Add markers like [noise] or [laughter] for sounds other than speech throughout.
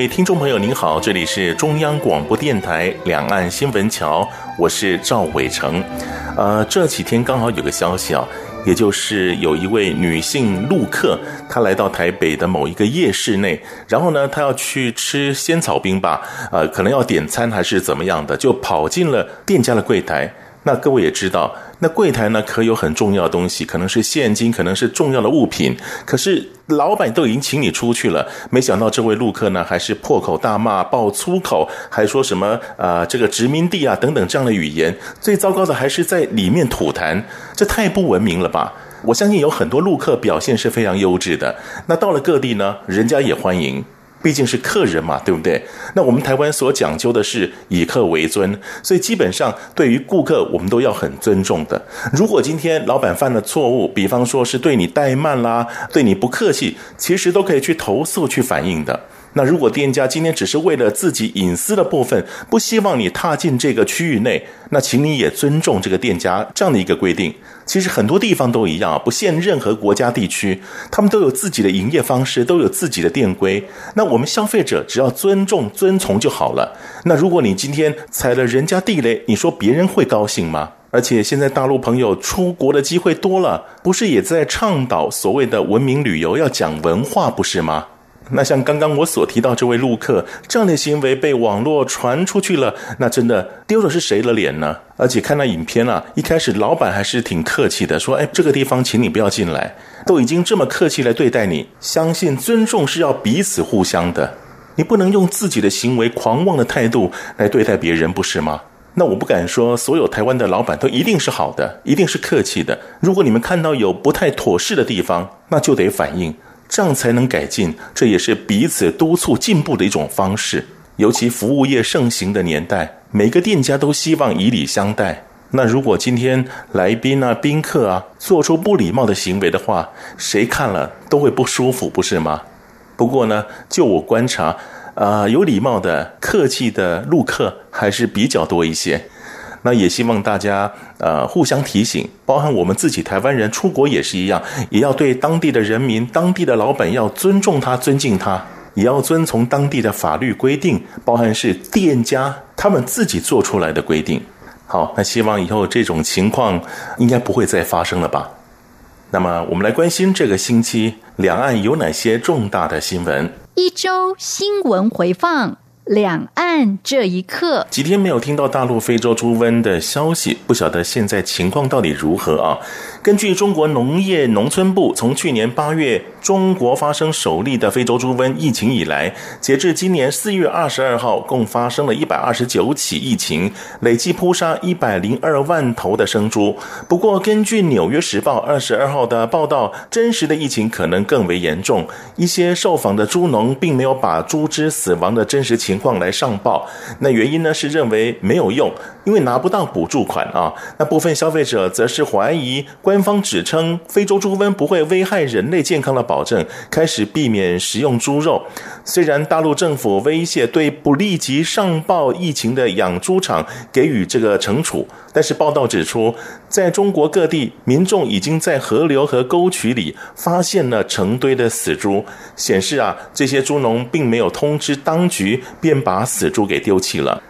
各位聽眾朋友，您好，這裡是中央廣播電台兩岸新聞橋，我是趙偉成。呃，這幾天剛好有個消息啊，也就是有一位女性陸客，她來到台北的某一個夜市內，然後呢，她要去吃仙草冰吧，呃，可能要點餐還是怎麼樣的，就跑進了店家的櫃檯。那各位也知道。那櫃檯呢？可有很重要的東西？可能是現金，可能是重要的物品。可是老闆都已經請你出去了，沒想到這位陸客呢，還是破口大罵、爆粗口，還說什麼“啊、呃，這個殖民地啊”等等這樣的語言。最糟糕的還是在裡面吐痰，這太不文明了吧！我相信有很多陸客表現是非常優質的。那到了各地呢，人家也歡迎。畢竟是客人嘛，對不對？那我們台灣所講究的是以客為尊，所以基本上對於顧客，我們都要很尊重的。如果今天老闆犯了錯誤，比方說是對你怠慢啦，對你不客氣，其實都可以去投訴去反映的。那如果店家今天只是為了自己隱私的部分，不希望你踏進這個區域內，那請你也尊重這個店家這樣的一個規定。其實很多地方都一樣，不限任何國家地區，他們都有自己的營業方式，都有自己的店規。那我們消費者只要尊重、遵從就好了。那如果你今天踩了人家地雷，你說別人會高興嗎？而且現在大陸朋友出國的機會多了，不是也在倡導所謂的文明旅遊，要講文化，不是嗎？那像剛剛我所提到這位陸客這樣的行為被網絡傳出去了，那真的丟的是誰的臉呢？而且看那影片啊，一開始老闆還是挺客氣的，說：“哎，這個地方請你不要進來，都已經這麼客氣來對待你，相信尊重是要彼此互相的，你不能用自己的行為狂妄的態度來對待別人，不是嗎？”那我不敢說所有台灣的老闆都一定是好的，一定是客氣的。如果你們看到有不太妥適的地方，那就得反映。這樣才能改進，這也是彼此督促進步的一種方式。尤其服務業盛行的年代，每個店家都希望以禮相待。那如果今天來賓啊、賓客啊做出不禮貌的行為的話，誰看了都會不舒服，不是嗎？不過呢，就我觀察，啊、呃，有禮貌的、客氣的陸客還是比較多一些。那也希望大家，呃，互相提醒，包含我們自己台灣人出國也是一樣，也要對當地的人民、當地的老板要尊重他、尊敬他，也要遵從當地的法律規定，包含是店家他們自己做出來的規定。好，那希望以後這種情況應該不會再發生了吧？那麼我們來關心這個星期兩岸有哪些重大的新聞？一周新聞回放。兩岸這一刻，幾天沒有聽到大陸非洲豬瘟的消息，不曉得現在情況到底如何啊？根據中國農業農村部從去年八月，中國發生首例的非洲豬瘟疫情以來，截至今年四月二十二號，共發生了一百二十九起疫情，累計撲殺一百零二萬頭的生豬。不過，根據《紐約時報》二十二號的報道，真實的疫情可能更為嚴重。一些受訪的豬農並沒有把豬隻死亡的真實情況來上報，那原因呢，是認為沒有用。因為拿不到補助款啊，那部分消費者則是懷疑官方指稱非洲豬瘟不會危害人類健康的保證，開始避免食用豬肉。雖然大陸政府威脅對不立即上報疫情的養豬場給予這個懲處，但是報道指出，在中國各地，民眾已經在河流和溝渠裡發現了成堆的死豬，顯示啊，這些豬農並沒有通知當局，便把死豬給丟棄了。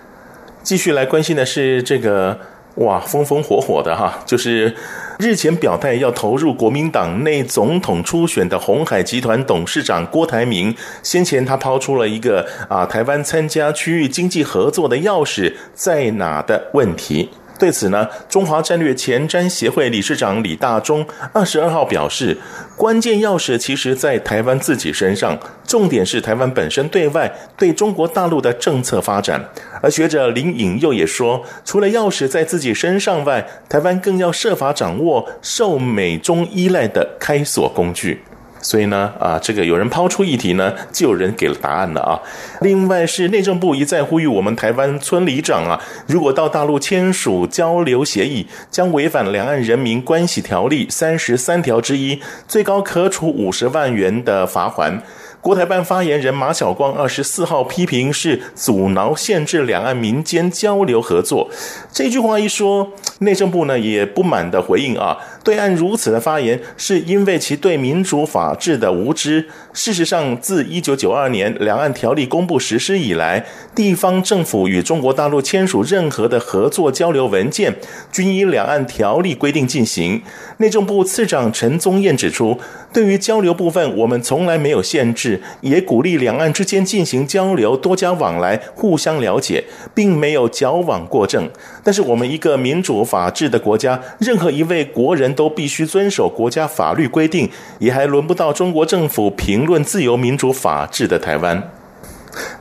繼續來關心的是這個，哇，風風火火的哈，就是日前表態要投入國民黨內總統初選的鴻海集團董事長郭台銘，先前他拋出了一個啊，台灣參加區域經濟合作的鑰匙在哪的問題。對此呢，中華戰略前瞻協會理事長李大中二十二號表示，關鍵鑰匙其實在台灣自己身上，重點是台灣本身對外對中國大陸的政策發展。而學者林穎佑也說，除了鑰匙在自己身上外，台灣更要設法掌握受美中依賴的開鎖工具。所以呢，啊，這個有人拋出議題呢，就有人給了答案了啊。另外是內政部一再呼籲我們台灣村里長啊，如果到大陸簽署交流協議，將違反兩岸人民關係條例三十三條之一，最高可處五十萬元的罰鍰。國台辦發言人馬曉光二十四號批評是阻撓限制兩岸民間交流合作。這句話一說，內政部呢也不滿的回應啊。對岸如此的發言，是因為其對民主法治的無知。事實上，自一九九二年《兩岸條例》公布實施以來，地方政府與中國大陸簽署任何的合作交流文件，均依《兩岸條例》規定進行。內政部次長陳宗彥指出：“對於交流部分，我們從來沒有限制，也鼓勵兩岸之間進行交流，多加往來，互相了解，並沒有矯枉過正。但是，我們一個民主法治的國家，任何一位國人。”都必須遵守國家法律規定，也還輪不到中國政府評論自由民主法治的台灣。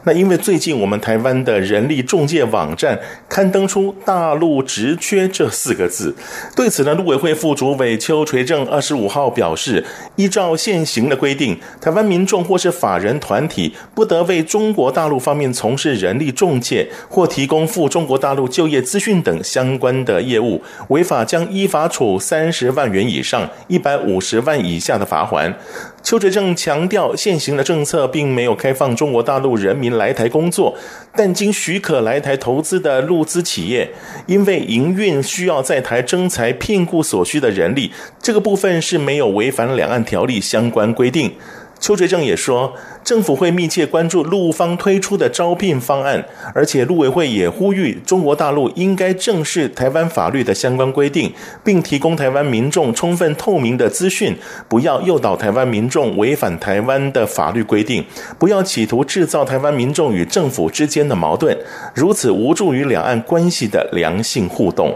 那因為最近我們台灣的人力仲介網站刊登出“大陸職缺”這四個字，對此呢，陸委會副主委邱垂正二十五號表示，依照現行的規定，台灣民眾或是法人團體不得為中國大陸方面從事人力仲介或提供赴中國大陸就業資訊等相關的業務，違法將依法處三十萬元以上一百五十萬以下的罰鍰。邱哲正強調，現行的政策並沒有開放中國大陸人民來台工作，但經許可來台投資的陸資企業，因為營運需要在台徵才聘僱所需的人力，這個部分是沒有違反兩岸條例相關規定。邱垂正也說，政府會密切關注陸方推出的招聘方案，而且陸委會也呼籲中國大陸應該正視台灣法律的相關規定，並提供台灣民眾充分透明的資訊，不要誘導台灣民眾違反台灣的法律規定，不要企圖製造台灣民眾與政府之間的矛盾，如此無助於兩岸關係的良性互動。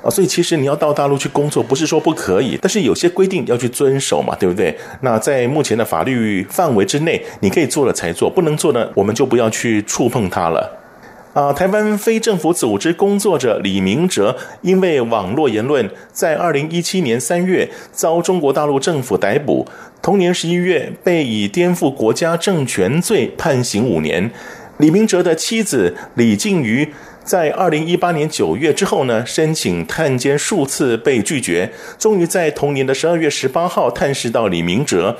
啊、哦，所以其實你要到大陸去工作，不是說不可以，但是有些規定要去遵守嘛，對不對？那在目前的法律範圍之內，你可以做了才做，不能做呢，我們就不要去觸碰它了。啊，台灣非政府組織工作者李明哲因為網絡言論，在二零一七年三月遭中國大陸政府逮捕，同年十一月被以顛覆國家政權罪判刑五年。李明哲的妻子李靜瑜。在二零一八年九月之後呢，申請探監數次被拒絕，終於在同年的十二月十八號探視到李明哲，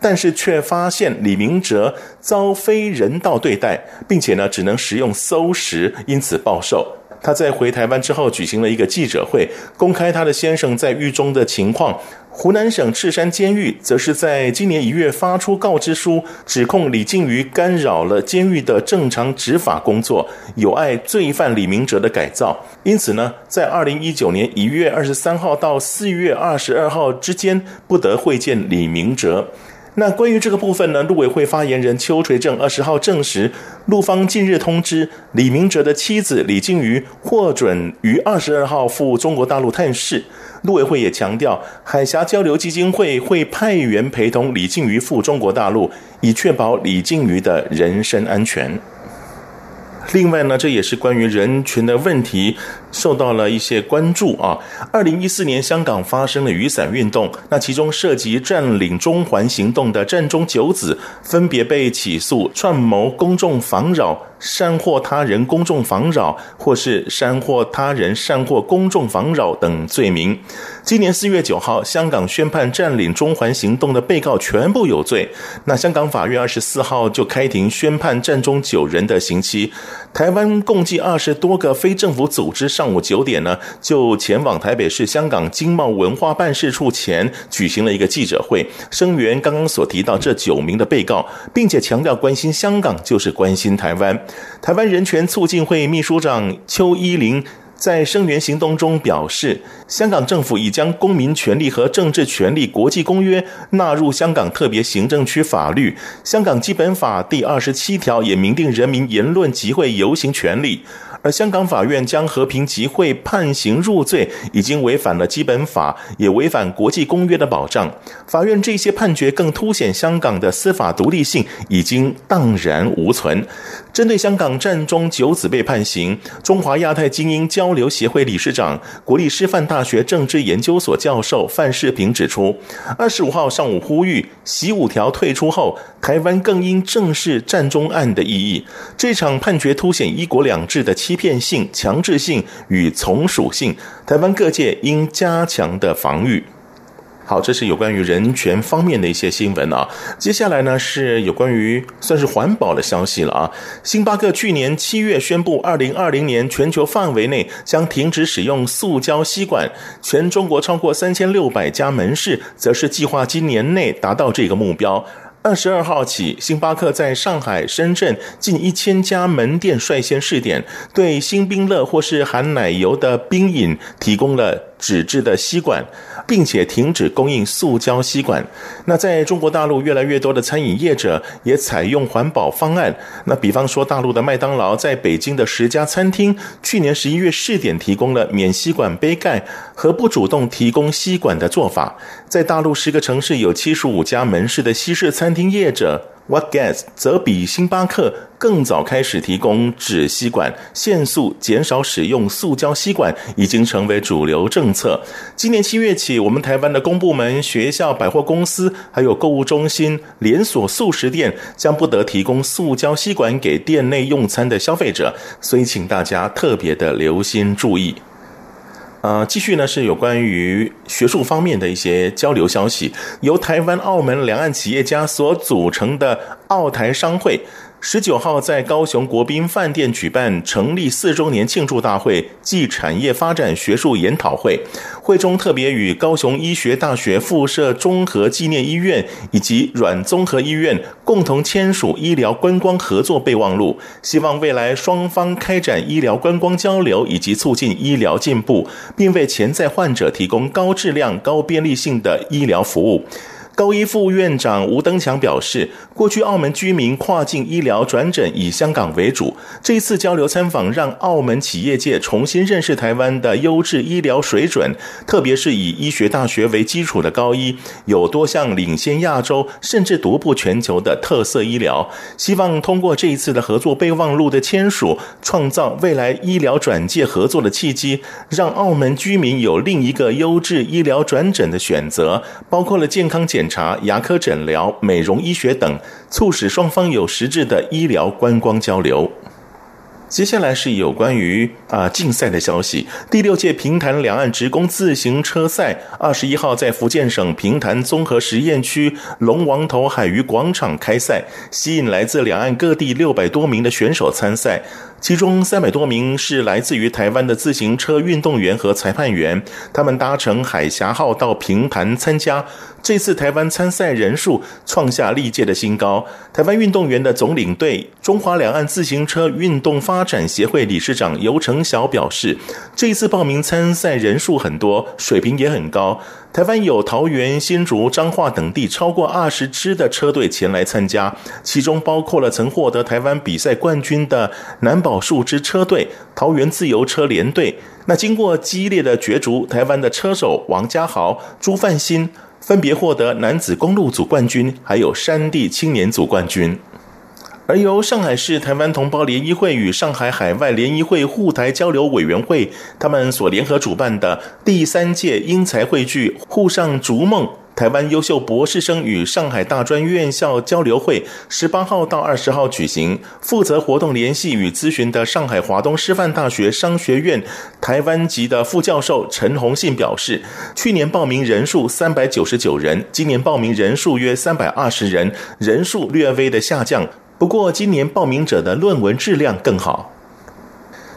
但是卻發現李明哲遭非人道對待，並且呢，只能食用餿食，因此暴瘦。他在回台灣之後舉行了一個記者會，公開他的先生在獄中的情況。湖南省赤山監獄則是在今年一月發出告知書，指控李靖瑜干擾了監獄的正常執法工作，有礙罪犯李明哲的改造。因此呢，在二零一九年一月二十三號到四月二十二號之間，不得會見李明哲。那關於這個部分呢，陸委會發言人邱垂正二十號證實，陸方近日通知李明哲的妻子李靜瑜獲准於二十二號赴中國大陸探視。陸委會也強調，海峽交流基金會會派員陪同李靜瑜赴中國大陸，以確保李靜瑜的人身安全。另外呢，這也是關於人權的問題。受到了一些關注啊！二零一四年香港發生了雨傘運動，那其中涉及占領中環行動的占中九子分別被起訴串謀公眾妨擾、煽惑他人公眾妨擾，或是煽惑他人、煽惑公眾妨擾等罪名。今年四月九號，香港宣判占領中環行動的被告全部有罪。那香港法院二十四號就開庭宣判占中九人的刑期。台灣共計二十多個非政府組織上。上午九點呢，就前往台北市香港經貿文化辦事處前舉行了一個記者會，聲援剛剛所提到這九名的被告，並且強調關心香港就是關心台灣。台灣人權促進會秘書長邱依林，在聲援行動中表示，香港政府已將《公民權利和政治權利國際公約》納入香港特別行政區法律，《香港基本法》第二十七條也明定人民言論、集會、遊行權利。而香港法院將和平集會判刑入罪，已經違反了《基本法》，也違反國際公約的保障。法院這些判決更凸顯香港的司法獨立性已經蕩然無存。針對香港占中九子被判刑，中華亞太精英交流協會理事長、國立師範大學政治研究所教授范世平指出，二十五號上午呼籲習五條退出後，台灣更應正視占中案的意義。這場判決凸顯一國兩制的欺騙性、強制性與從屬性，台灣各界應加強的防御。好，這是有關於人權方面的一些新聞啊。接下來呢，是有關於算是環保的消息了啊。星巴克去年七月宣布，二零二零年全球範圍內將停止使用塑膠吸管。全中國超過三千六百家門市，則是計劃今年內達到這個目標。二十二號起，星巴克在上海、深圳近一千家門店率先試點，對星冰樂或是含奶油的冰飲提供了，紙質的吸管，並且停止供應塑膠吸管。那在中國大陸，越來越多的餐飲業者也採用環保方案。那比方說，大陸的麥當勞在北京的十家餐廳，去年十一月試點提供了免吸管杯蓋和不主動提供吸管的做法。在大陸十個城市有七十五家門市的西式餐廳業者，what gas 則比星巴克更早開始提供紙吸管，限塑減少使用塑膠吸管已經成為主流政策。今年七月起，我們台灣的公部門、學校、百貨公司，還有購物中心、連鎖速食店，將不得提供塑膠吸管給店內用餐的消費者，所以請大家特別的留心注意。呃，繼續呢是有關於學術方面的一些交流消息，由台灣、澳門兩岸企業家所組成的澳台商會，十九號在高雄國賓飯店舉辦成立四周年慶祝大會暨產業發展學術研討會，會中特別與高雄醫學大學附設中和紀念醫院以及阮綜合醫院共同簽署醫療觀光合作備忘錄，希望未來雙方開展醫療觀光交流以及促進醫療進步，並為潛在患者提供高質量、高便利性的醫療服務。高醫副院長吳登強表示，過去澳門居民跨境醫療轉診以香港為主，這次交流參訪讓澳門企業界重新認識台灣的優質醫療水準，特別是以醫學大學為基礎的高醫，有多項領先亞洲甚至獨步全球的特色醫療。希望通過這一次的合作備忘錄的簽署，創造未來醫療轉介合作的契機，讓澳門居民有另一個優質醫療轉診的選擇，包括了健康檢檢查、牙科診療、美容醫學等，促使雙方有實質的醫療觀光交流。接下來是有關於啊競賽的消息。第六屆平潭兩岸職工自行車賽二十一號在福建省平潭綜合實驗區龍王頭海漁廣場開賽，吸引來自兩岸各地六百多名的選手參賽。其中三百多名是來自於台灣的自行車運動員和裁判員，他們搭乘海峽號到平潭參加。這次台灣參賽人數創下歷屆的新高。台灣運動員的總領隊、中華兩岸自行車運動發展協會理事長尤成曉表示，這次報名參賽人數很多，水平也很高。台灣有桃園、新竹、彰化等地超過二十支的車隊前來參加，其中包括了曾獲得台灣比賽冠軍的南寶樹脂車隊、桃園自由車聯隊。那經過激烈的角逐，台灣的車手王家豪、朱范新分別獲得男子公路組冠軍，還有山地青年組冠軍。而由上海市台灣同胞聯誼會與上海海外聯誼會滬台交流委員會他們所聯合主辦的第三屆英才匯聚滬上逐夢台灣優秀博士生與上海大專院校交流會，十八號到二十號舉行。負責活動聯繫與諮詢的上海華東師範大學商學院台灣籍的副教授陳紅信表示，去年報名人數三百九十九人，今年報名人數約三百二十人，人數略微的下降。不過，今年報名者的論文質量更好。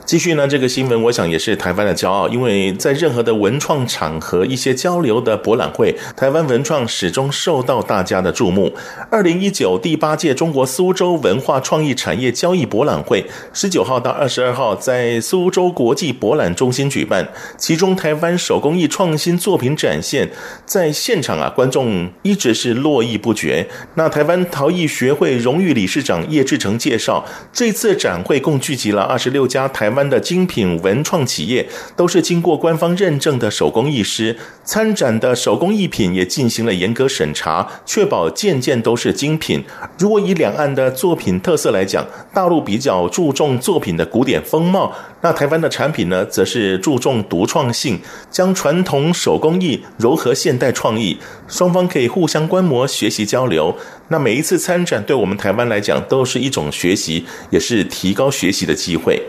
繼續呢，這個新聞我想也是台灣的驕傲，因為在任何的文創場合、一些交流的博覽會，台灣文創始終受到大家的注目。二零一九第八屆中國蘇州文化創意產業交易博覽會，十九號到二十二號在蘇州國際博覽中心舉辦，其中台灣手工藝創新作品展現在現場啊，觀眾一直是絡繹不絕。那台灣陶藝學會榮譽理事長葉志成介紹，這次展會共聚集了二十六家台灣。臺灣的精品文創企業都是經過官方認證的手工藝師，參展的手工藝品也進行了嚴格審查，確保件件都是精品。如果以兩岸的作品特色來講，大陸比較注重作品的古典風貌，那臺灣的產品呢，則是注重獨創性，將傳統手工藝揉合現代創意。雙方可以互相觀摩、學習、交流。那每一次參展，對我們臺灣來講，都是一種學習，也是提高學習的機會。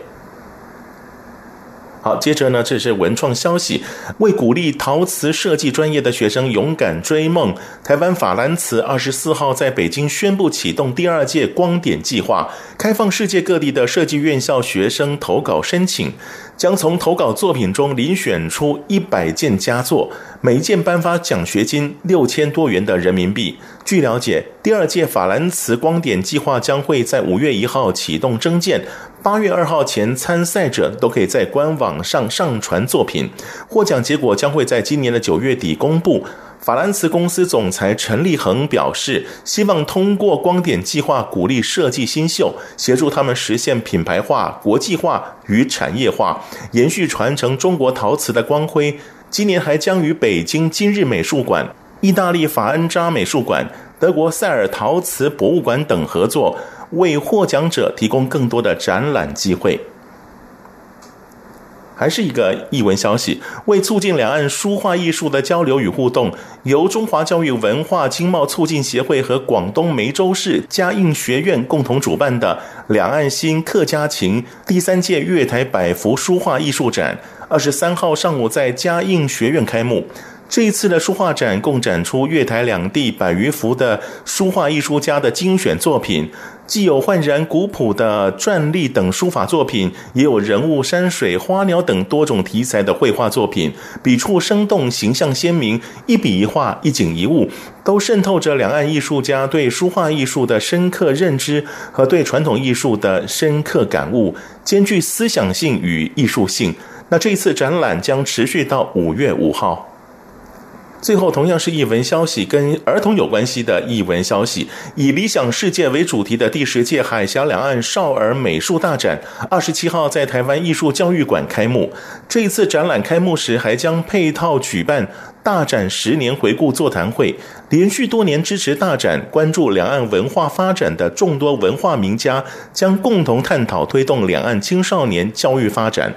接着呢，這是文創消息。為鼓勵陶瓷設計專業的學生勇敢追夢，台灣法蘭瓷二十四號在北京宣布啟動第二屆光點計劃，開放世界各地的設計院校學生投稿申請。將從投稿作品中遴選出一百件佳作，每件頒發獎學金六千多元的人民幣。據了解，第二屆法蘭茨光點計劃將會在五月一號啟動徵件，八月二號前參賽者都可以在官網上上傳作品，獲獎結果將會在今年的九月底公布。法蘭茨公司總裁陳立恆表示，希望通過“光點計劃”鼓勵設計新秀，協助他們實現品牌化、國際化與產業化，延續傳承中國陶瓷的光輝。今年還將與北京今日美術館、意大利法恩扎美術館、德國塞爾陶瓷博物館等合作，為獲獎者提供更多的展覽機會。還是一個譯文消息。為促進兩岸書畫藝術的交流與互動，由中華教育文化經貿促進協會和廣東梅州市嘉應學院共同主辦的“兩岸新客家情”第三屆粵台百幅書畫藝術展，二十三號上午在嘉應學院開幕。這一次的書畫展共展出粵台兩地百餘幅的書畫藝術家的精選作品。既有煥然古樸的篆隸等書法作品，也有人物、山水、花鳥等多種題材的繪畫作品，筆觸生動，形象鮮明，一筆一畫，一景一物，都滲透着兩岸藝術家對書畫藝術的深刻認知和對傳統藝術的深刻感悟，兼具思想性與藝術性。那這次展覽將持續到五月五號。最後，同樣是藝文消息，跟兒童有關係的藝文消息。以“理想世界”為主題的第十屆海峽兩岸少兒美術大展，二十七號在台灣藝術教育館開幕。這一次展覽開幕時，還將配套舉辦大展十年回顧座談會。連續多年支持大展、關注兩岸文化發展的眾多文化名家，將共同探討推動兩岸青少年教育發展。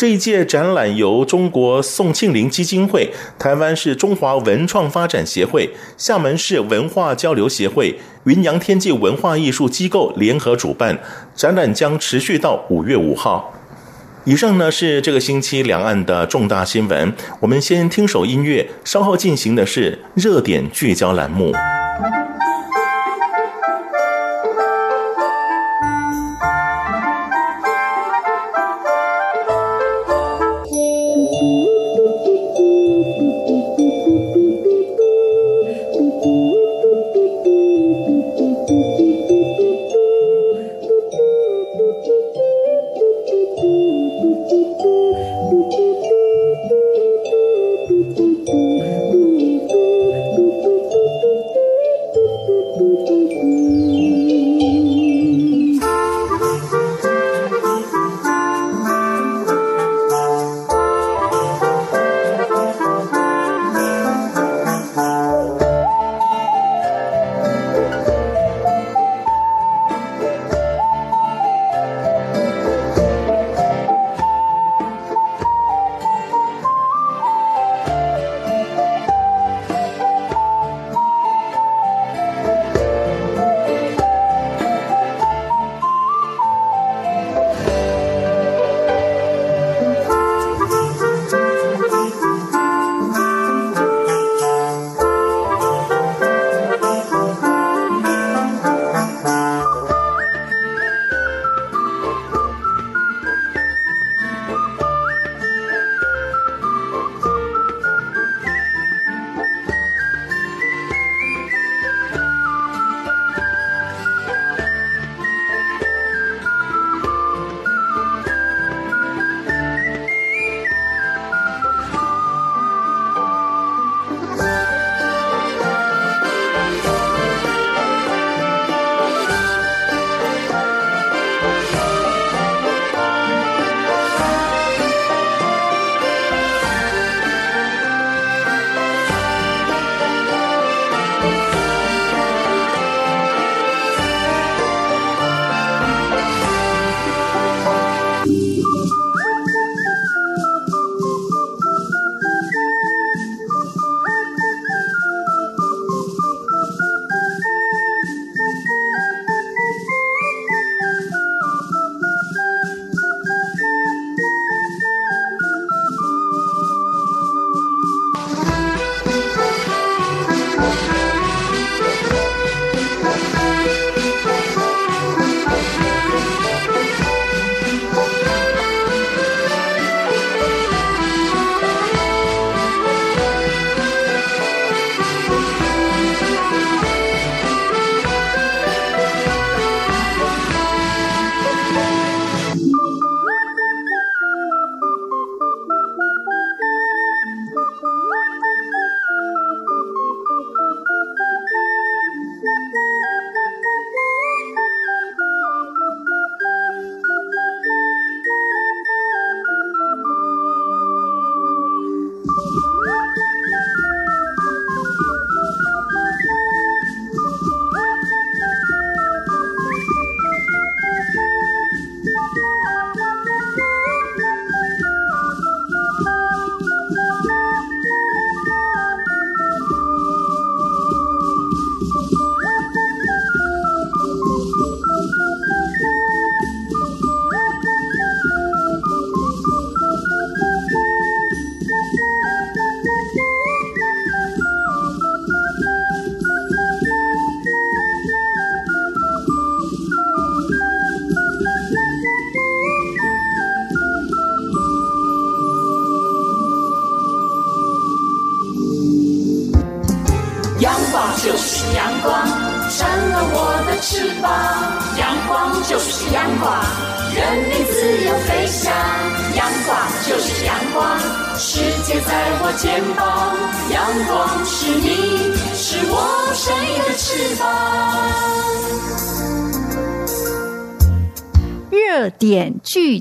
這一屆展覽由中國宋慶齡基金會、臺灣市中華文創發展協會、廈門市文化交流協會、雲陽天際文化藝術機構聯合主辦，展覽將持續到五月五號。以上呢，是這個星期兩岸的重大新聞，我們先聽首音樂，稍後進行的是熱點聚焦欄目。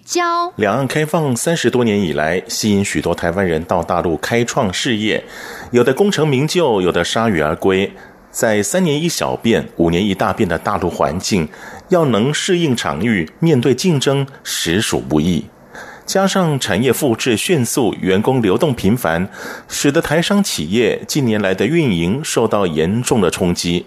交兩岸開放三十多年以來，吸引許多台灣人到大陸開創事業，有的功成名就，有的鎩羽而歸。在三年一小變、五年一大變的大陸環境，要能適應場域、面對競爭，實屬不易。加上產業複製迅速、員工流動頻繁，使得台商企業近年來的運營受到嚴重的衝擊。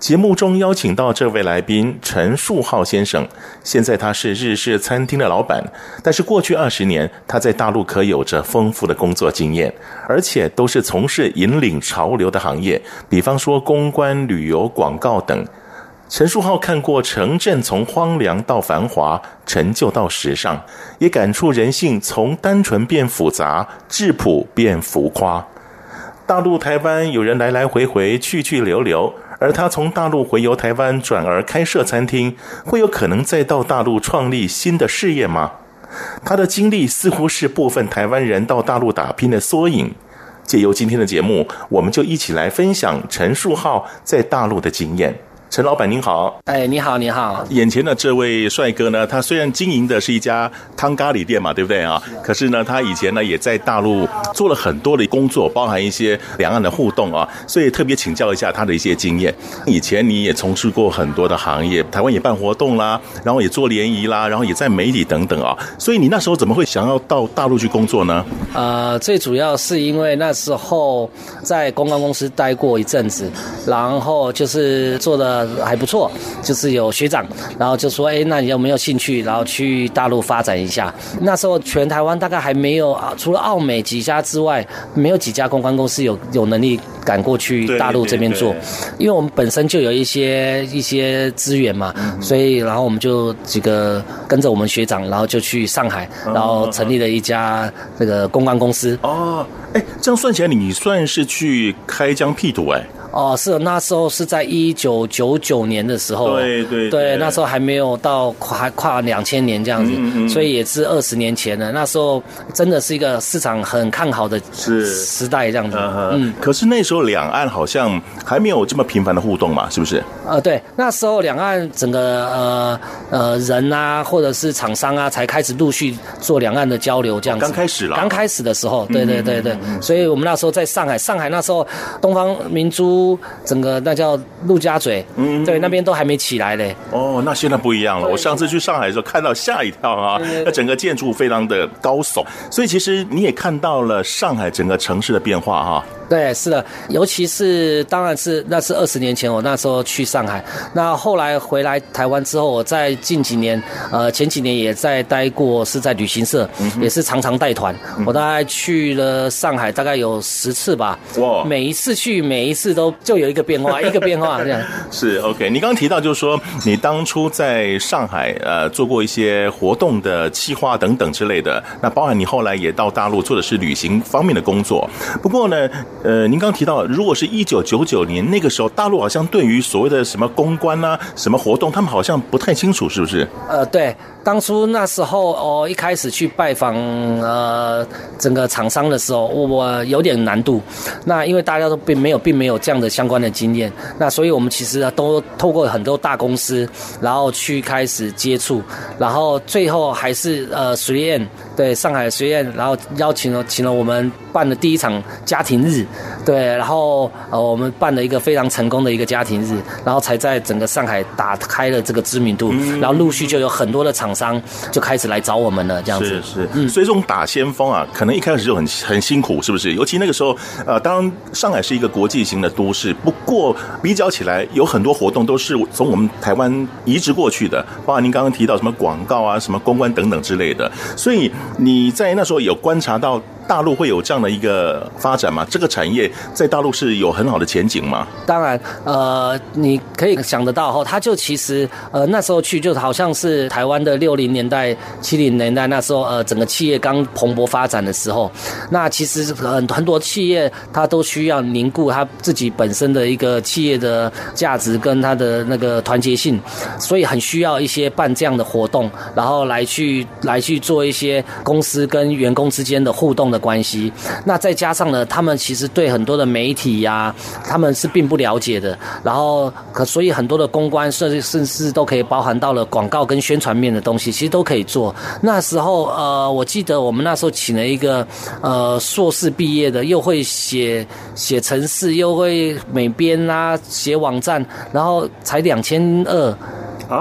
節目中邀請到這位來賓陳述灝先生，現在他是日式餐廳的老闆，但是過去二十年，他在大陸可有着豐富的工作經驗，而且都是從事引領潮流的行業，比方說公關、旅遊、廣告等。陳述灝看過城鎮從荒涼到繁華，陳舊到時尚，也感觸人性從單純變複雜，質樸變浮誇。大陸、台灣有人來來回回去去留留。而他從大陸洄游台灣，轉而開設餐廳，會有可能再到大陸創立新的事業嗎？他的經歷似乎是部分台灣人到大陸打拼的縮影。借由今天的節目，我們就一起來分享陳述灝在大陸的經驗。陳老板您好，哎、欸，你好，你好。眼前的這位帥哥呢，他雖然經營的是一家湯咖喱店嘛，對不對啊？是的。可是呢，他以前呢也在大陸做了很多的工作，包含一些兩岸的互動啊，所以特別請教一下他的一些經驗。以前你也從事過很多的行業，台灣也辦活動啦，然後也做聯誼啦，然後也在媒體等等啊，所以你那時候怎麼會想要到大陸去工作呢？呃，最主要是因為那時候在公關公司待過一陣子，然後就是做的。還不錯，就是有學長，然後就說，哎，那你有沒有興趣，然後去大陸發展一下。那時候全台灣大概還沒有，除了奧美幾家之外，沒有幾家公關公司有有能力趕過去大陸這邊做。對對對。因為我們本身就有一些一些資源嘛，嗯哼，所以然後我們就幾個跟着我們學長，然後就去上海，嗯嗯，然後成立了一家這個公關公司。哦，哎，這樣算起來你，你算是去開疆闢土哎、欸。哦，是那時候是在一九九九年的時候，對對對，對，那時候還沒有到還跨跨兩千年這樣子，嗯嗯，所以也是二十年前了。那時候真的是一個市場很看好的是時代這樣子。Uh huh、嗯，可是那時候兩岸好像還沒有這麼頻繁的互動嘛，是不是？呃，對，那時候兩岸整個呃呃人啊，或者是廠商啊，才開始陸續做兩岸的交流這樣子。哦、剛開始了，剛開始的時候，對對對對，對，嗯嗯嗯嗯，所以我們那時候在上海，上海那時候東方明珠。整個那叫陸家嘴，嗯，對，那邊都還沒起來嘞。哦，那現在不一樣了。對，我上次去上海的時候看到嚇一跳啊，那整個建築非常的高聳，所以其實你也看到了上海整個城市的變化哈。對，是的，尤其是，當然是，那是二十年前，我那時候去上海，那後來回來台灣之後，我在近幾年，呃，前幾年也在待過，是在旅行社，嗯、哼也是常常帶團。嗯、哼我大概去了上海大概有十次吧，哇每一次去，每一次都就有一個變化， [laughs] 一個變化這樣。是，是，OK。你剛剛提到就是說，你當初在上海呃做過一些活動的企劃等等之類的，那包含你後來也到大陸做的是旅行方面的工作，不過呢。呃，您剛剛提到，如果是一九九九年那個時候，大陸好像對於所謂的什麼公關啊，什麼活動，他們好像不太清楚，是不是？呃，對，當初那時候，哦，一開始去拜訪呃整個廠商的時候我，我有點難度。那因為大家都並沒有並沒有這樣的相關的經驗，那所以我們其實、啊、都透過很多大公司，然後去開始接觸，然後最後還是呃實驗。對上海學院，然後邀請了，請了我們辦的第一場家庭日，對，然後呃，我們辦了一個非常成功的一個家庭日，然後才在整個上海打開了這個知名度，嗯，然後陸續就有很多的廠商就開始來找我們了，這樣子是是，嗯，所以這種打先鋒啊，可能一開始就很很辛苦，是不是？尤其那個時候，呃，當上海是一個國際型的都市，不過比較起來，有很多活動都是從我們台灣移植過去的，包括您剛剛提到什麼廣告啊、什麼公關等等之類的，所以。你在那時候有觀察到，大陸會有這樣的一個發展嗎？這個產業在大陸是有很好的前景嗎？當然，呃，你可以想得到哈，他就其實呃那時候去就好像是台灣的六零年代、七零年代那時候，呃，整個企業剛蓬勃發展的時候，那其實很很多企業它都需要凝固它自己本身的一個企業的價值跟它的那個團結性，所以很需要一些辦這樣的活動，然後來去來去做一些公司跟員工之間的互動的。關係，那再加上呢，他們其實對很多的媒體呀、啊，他們是並不了解的。然後可所以很多的公關，甚至甚至都可以包含到了廣告跟宣傳面的東西，其實都可以做。那時候呃，我記得我們那時候請了一個呃碩士畢業的，又會寫寫程式，又會美編啊，寫網站，然後才兩千二。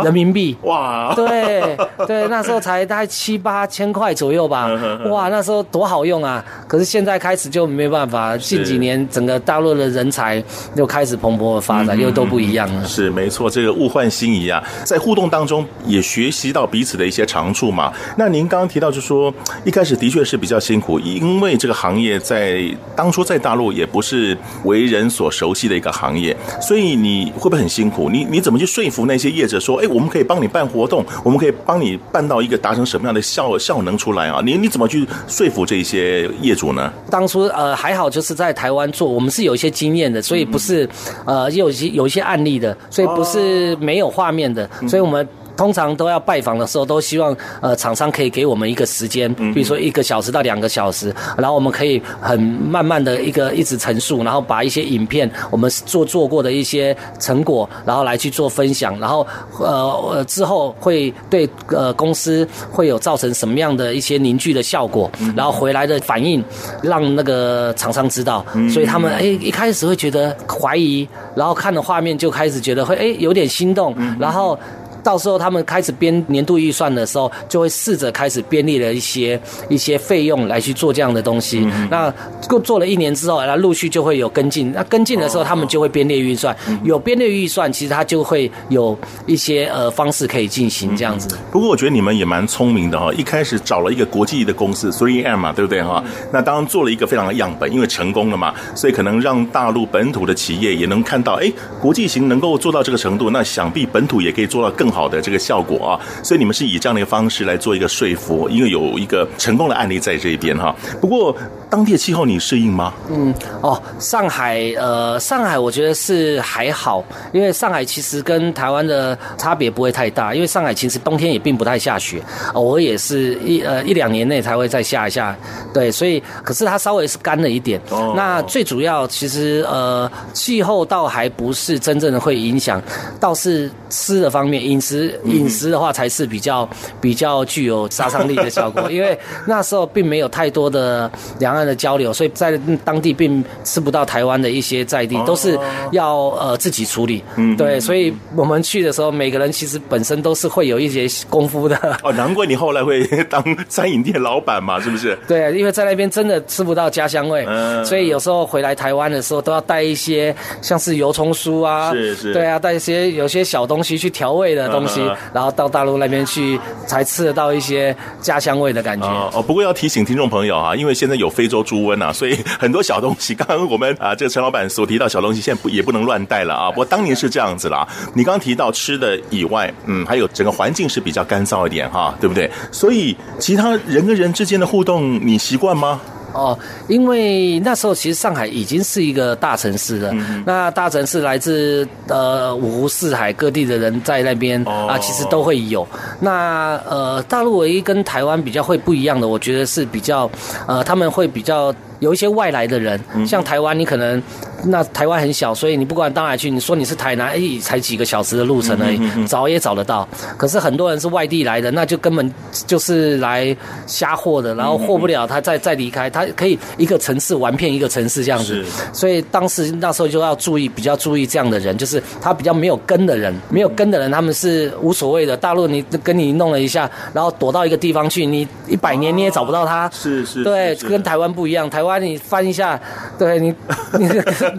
人民幣、啊、哇，對對，那時候才大概七八千塊左右吧，哇，那時候多好用啊！可是現在開始就沒辦法，近幾年整個大陸的人才又開始蓬勃的發展，又都不一樣了。是，嗯嗯嗯嗯、是沒錯，這個物換星移啊，在互動當中也學習到彼此的一些長處嘛。那您剛剛提到，就說一開始的確是比較辛苦，因為這個行業在當初在大陸也不是為人所熟悉的一個行業，所以你會不會很辛苦？你你怎麼去說服那些業者說？哎、欸，我們可以幫你辦活動，我們可以幫你辦到一個達成什麼樣的效效能出來啊？你你怎麼去說服這些業主呢？當初呃還好就是在台灣做，我們是有一些經驗的，所以不是、嗯、呃有些有一些案例的，所以不是沒有畫面的，啊、所以我們、嗯。通常都要拜訪的時候，都希望呃廠商可以給我們一個時間，比如說一個小時到兩個小時，然後我們可以很慢慢的一個一直陳述，然後把一些影片我們做做過的一些成果，然後來去做分享，然後呃呃之後會對呃公司會有造成什麼樣的一些凝聚的效果，然後回來的反應讓那個廠商知道，所以他們誒、欸、一開始會覺得懷疑，然後看了畫面就開始覺得會誒、欸、有點心動，然後。到時候他們開始編年度預算的時候，就會試着開始編列了一些一些費用來去做這樣的東西。嗯、那做做了一年之後，那陸續就會有跟進。那跟進的時候，他們就會編列預算。哦哦、有編列預算，其實他就會有一些呃方式可以進行這樣子、嗯。不過我覺得你們也蠻聰明的哈、哦，一開始找了一個國際的公司 3M 嘛，對不對哈、哦？嗯、那當然做了一個非常的樣本，因為成功了嘛，所以可能讓大陸本土的企業也能看到，哎，國際型能夠做到這個程度，那想必本土也可以做到更。好的，這個效果啊，所以你們是以這樣的一個方式來做一個說服，因為有一個成功的案例在這邊哈。不過。當地的氣候你適應嗎？嗯，哦，上海，呃，上海我覺得是還好，因為上海其實跟台灣的差別不會太大，因為上海其實冬天也並不太下雪，哦，我也是一，呃，一兩年內才會再下一下，對，所以，可是它稍微是乾了一點，哦，那最主要其實，呃，氣候倒還不是真正的會影響，倒是吃的方面，飲食，飲食的話才是比較，嗯，比較具有殺傷力的效果， [laughs] 因為那時候並沒有太多的糧。慢慢的交流，所以在當地並吃不到台灣的一些在地，哦、都是要呃自己處理。嗯，對，嗯、所以我們去的時候，每個人其實本身都是會有一些功夫的。哦，難怪你後來會當餐飲店老闆嘛，是不是？對，因為在那邊真的吃不到家鄉味，嗯、所以有時候回來台灣的時候，都要帶一些像是油蔥酥啊，是是，是對啊，帶一些有些小東西去調味的東西，嗯、然後到大陸那邊去、嗯、才吃得到一些家鄉味的感覺哦。哦，不過要提醒聽眾朋友啊，因為現在有非。豬豬瘟啊，所以很多小東西，剛剛我們啊，這個陳老板所提到小東西，現在不也不能亂帶了啊。不過當年是這樣子啦啊，你剛剛提到吃的以外，嗯，還有整個環境是比較乾燥一點哈啊，對不對？所以其他人跟人之間的互動，你習慣嗎？哦，因為那時候其實上海已經是一個大城市了，嗯、哼那大城市來自呃五湖四海各地的人在那邊、哦哦哦、啊，其實都會有。那呃，大陸唯一跟台灣比較會不一樣的，我覺得是比較，呃，他們會比較。有一些外來的人，像台灣，你可能那台灣很小，所以你不管到哪去，你說你是台南，哎、欸，才幾個小時的路程而已，找也找得到。可是很多人是外地來的，那就根本就是來瞎貨的，然後貨不了，他再再離開，他可以一個城市玩遍一個城市這樣子。是所以當時那時候就要注意，比較注意這樣的人，就是他比較沒有根的人，沒有根的人他們是無所謂的。大陸你跟你弄了一下，然後躲到一個地方去，你一百年你也找不到他。啊、是是，是。對，跟台灣不一樣，台灣。把你翻一下，對你，你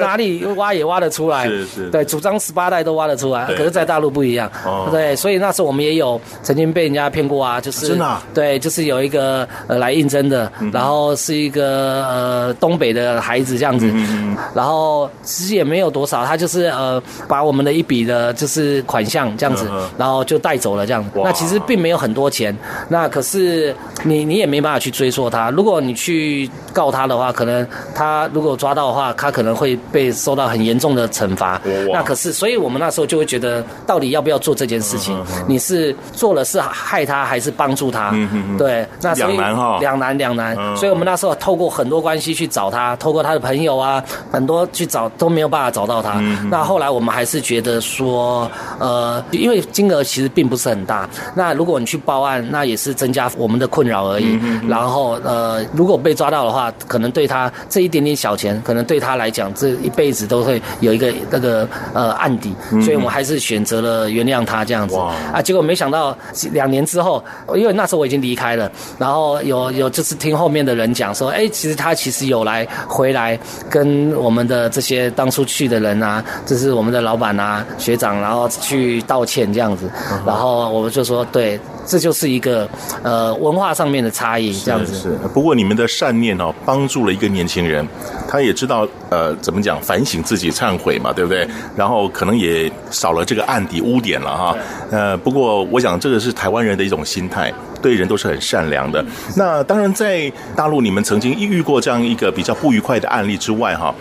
[laughs] 哪裡挖也挖得出來，是 [laughs] 是，是對，主張十八代都挖得出來，對可是，在大陸不一樣，哦、對，所以那時候我們也有曾經被人家騙過啊，就是、啊、真的、啊，對，就是有一個、呃、來應徵的，嗯、哼然後是一個呃東北的孩子這樣子，嗯、哼然後其實也沒有多少，他就是呃把我們的一筆的就是款項這樣子，嗯、哼然後就帶走了這樣子，哇那其實並沒有很多錢，那可是你你也沒辦法去追溯他，如果你去告他的話。話可能他如果抓到的話，他可能會被受到很嚴重的懲罰。Oh, wow. 那可是，所以我們那時候就會覺得，到底要不要做這件事情？Uh huh. 你是做了是害他還是幫助他？Uh huh. 對，那所以兩難哈，兩難兩難。兩難 uh huh. 所以我們那時候透過很多關係去找他，透過他的朋友啊，很多去找都沒有辦法找到他。Uh huh. 那後來我們還是覺得說，呃，因為金額其實並不是很大。那如果你去報案，那也是增加我們的困擾而已。Uh huh. 然後呃，如果被抓到的話，可能。對他這一點點小錢，可能對他來講，這一輩子都會有一個那、這個呃案底，所以我們還是選擇了原諒他這樣子嗯嗯啊。結果沒想到兩年之後，因為那時候我已經離開了，然後有有就是聽後面的人講說，哎，其實他其實有來回來跟我們的這些當初去的人啊，就是我們的老闆啊、學長，然後去道歉這樣子，然後我們就說對。這就是一個呃文化上面的差異，這樣子。是,是不過你們的善念哦，幫助了一個年輕人，他也知道呃怎麼講反省自己、懺悔嘛，對不對？然後可能也少了這個案底污點了哈。對呃，不過我想這個是台灣人的一種心態，對人都是很善良的。是那當然，在大陸你們曾經遇,遇過這樣一個比較不愉快的案例之外哈，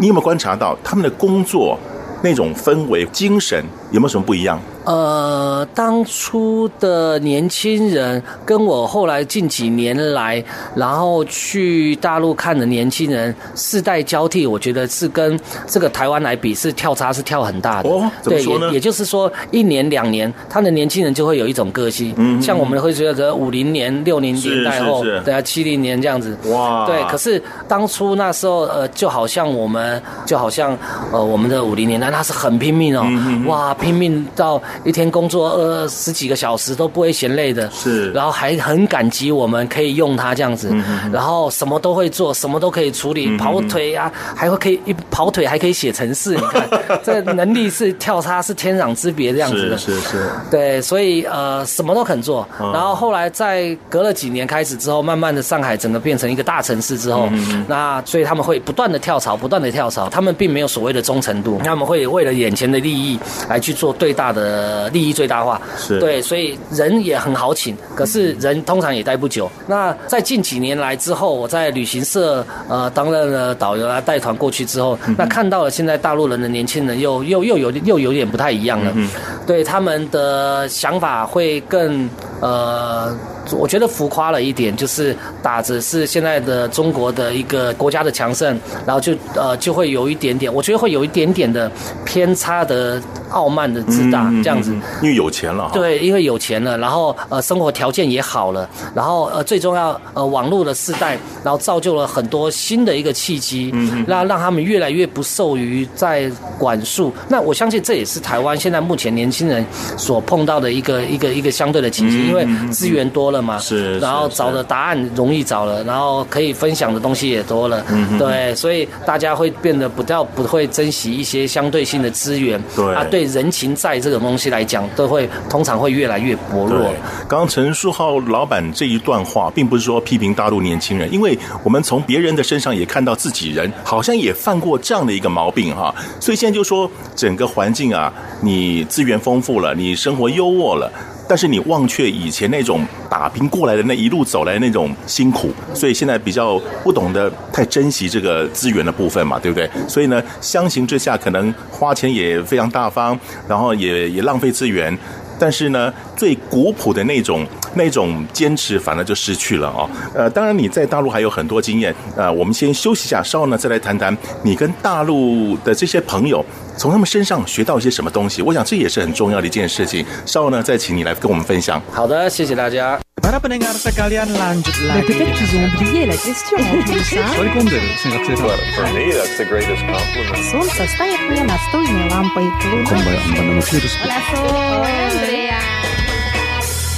你有沒有觀察到他們的工作那種氛圍、精神？有沒有什麼不一樣？呃，當初的年輕人跟我後來近幾年來，然後去大陸看的年輕人，世代交替，我覺得是跟這個台灣來比，是跳差是跳很大的。哦？怎麼說呢？對，也、也就是說，一年兩年，他的年輕人就會有一種個性。嗯哼嗯哼，像我們會覺得五零年、六零年代後，是是是。對啊，七零年這樣子。哇，對。可是當初那時候，呃，就好像我們，就好像呃，我們的五零年代，他是很拼命喔。嗯哼嗯哼。哇。拼命到一天工作二、呃、十幾個小時都不會嫌累的，是，然後還很感激我們可以用它這樣子，嗯嗯然後什麼都會做，什麼都可以處理，跑腿呀、啊，嗯嗯還會可以一跑腿還可以寫程式， [laughs] 你看這能力是跳差是天壤之別這樣子的，是是是，是是對，所以呃什麼都肯做，然後後來在隔了幾年開始之後，慢慢的上海整個變成一個大城市之後，嗯嗯那所以他們會不斷的跳槽，不斷的跳槽，他們並沒有所謂的忠誠度，他們會為了眼前的利益來。去做最大的利益最大化是，對，所以人也很好請，可是人通常也待不久，嗯哼。那在近幾年來之後，我在旅行社呃擔任了導遊啊，帶團過去之後，嗯哼，那看到了現在大陸人的年輕人又又又有又有，又有點不太一樣了，嗯哼，對他們的想法會更。呃，我覺得浮誇了一點，就是打着是現在的中國的一個國家的強盛，然後就呃就會有一點點，我覺得會有一點點的偏差的傲慢的自大這樣子，因為有錢了，對，哦、因為有錢了，然後呃生活條件也好了，然後呃最重要呃網絡的世代，然後造就了很多新的一個契機，那、嗯嗯、讓他們越來越不受於在管束，那我相信這也是台灣現在目前年輕人所碰到的一個一個一個相對的契機。嗯因為資源多了嘛，是、嗯，然後找的答案容易找了，然後可以分享的東西也多了，嗯，對，嗯、所以大家會變得比較不會珍惜一些相對性的資源，對，啊，對人情債這種東西來講，都會通常會越來越薄弱。對剛剛陳述灝老板這一段話，並不是說批評大陸年輕人，因為我們從別人的身上也看到自己人好像也犯過這樣的一個毛病哈，所以現在就說整個環境啊，你資源豐富了，你生活優渥了。但是你忘卻以前那種打拼過來的那一路走來那種辛苦，所以現在比較不懂得太珍惜這個資源的部分嘛，對不對？所以呢，相形之下，可能花錢也非常大方，然後也也浪費資源，但是呢，最古樸的那種。那種堅持反而就失去了哦。呃，當然你在大陸還有很多經驗。呃，我們先休息一下，稍後呢再來談談你跟大陸的這些朋友從他們身上學到一些什麼東西。我想這也是很重要的一件事情。稍後呢再請你來跟我們分享。好的，謝謝大家。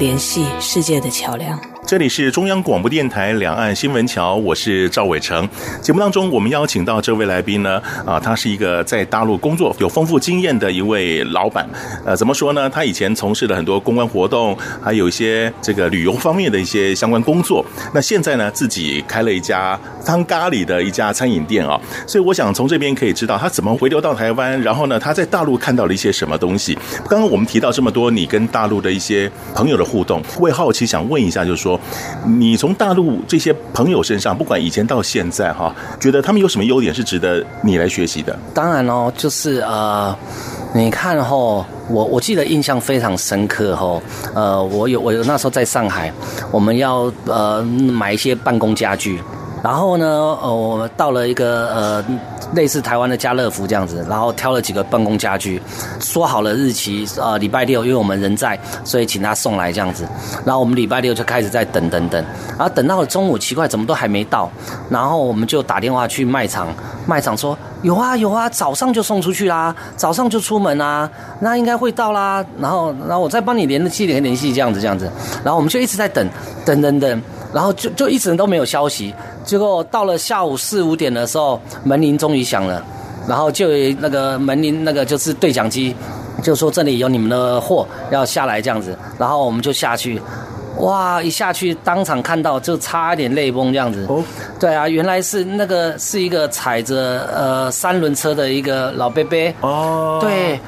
聯繫世界的橋樑，這裡是中央廣播電台兩岸新聞橋，我是趙偉成。節目當中，我們邀請到這位來賓呢，啊、呃，他是一個在大陸工作有豐富經驗的一位老闆。呃，怎麼說呢？他以前從事了很多公關活動，還有一些這個旅遊方面的一些相關工作。那現在呢，自己開了一家湯咖喱的一家餐飲店啊、哦。所以，我想從這邊可以知道他怎麼回流到台灣，然後呢，他在大陸看到了一些什麼東西。剛剛我們提到這麼多，你跟大陸的一些朋友的互動，會好奇想問一下，就是說，你從大陸這些朋友身上，不管以前到現在哈、啊，覺得他們有什麼優點是值得你來學習的？當然哦，就是呃，你看哈、哦，我我記得印象非常深刻哈、哦，呃，我有我有那時候在上海，我們要呃買一些辦公家具。然後呢，呃，我到了一個，呃，類似台灣的家樂福這樣子，然後挑了幾個辦公家具，說好了日期，呃，禮拜六，因為我們人在，所以請他送來這樣子。然後我們禮拜六就開始在等等等，然後等到了中午，奇怪，怎麼都還沒到？然後我們就打電話去賣場，賣場說有啊有啊，早上就送出去啦，早上就出門啦、啊，那應該會到啦。然後然後我再幫你聯繫聯繫聯繫這樣子這樣子，然後我們就一直在等，等等等，然後就就一直都沒有消息。結果到了下午四五點的時候，門鈴終於響了，然後就有那個門鈴那個就是對講機，就說這裡有你們的貨要下來這樣子，然後我們就下去，哇一下去當場看到就差一點淚崩這樣子。哦，對啊，原來是那個是一個踩着呃三輪車的一個老伯伯。哦，對，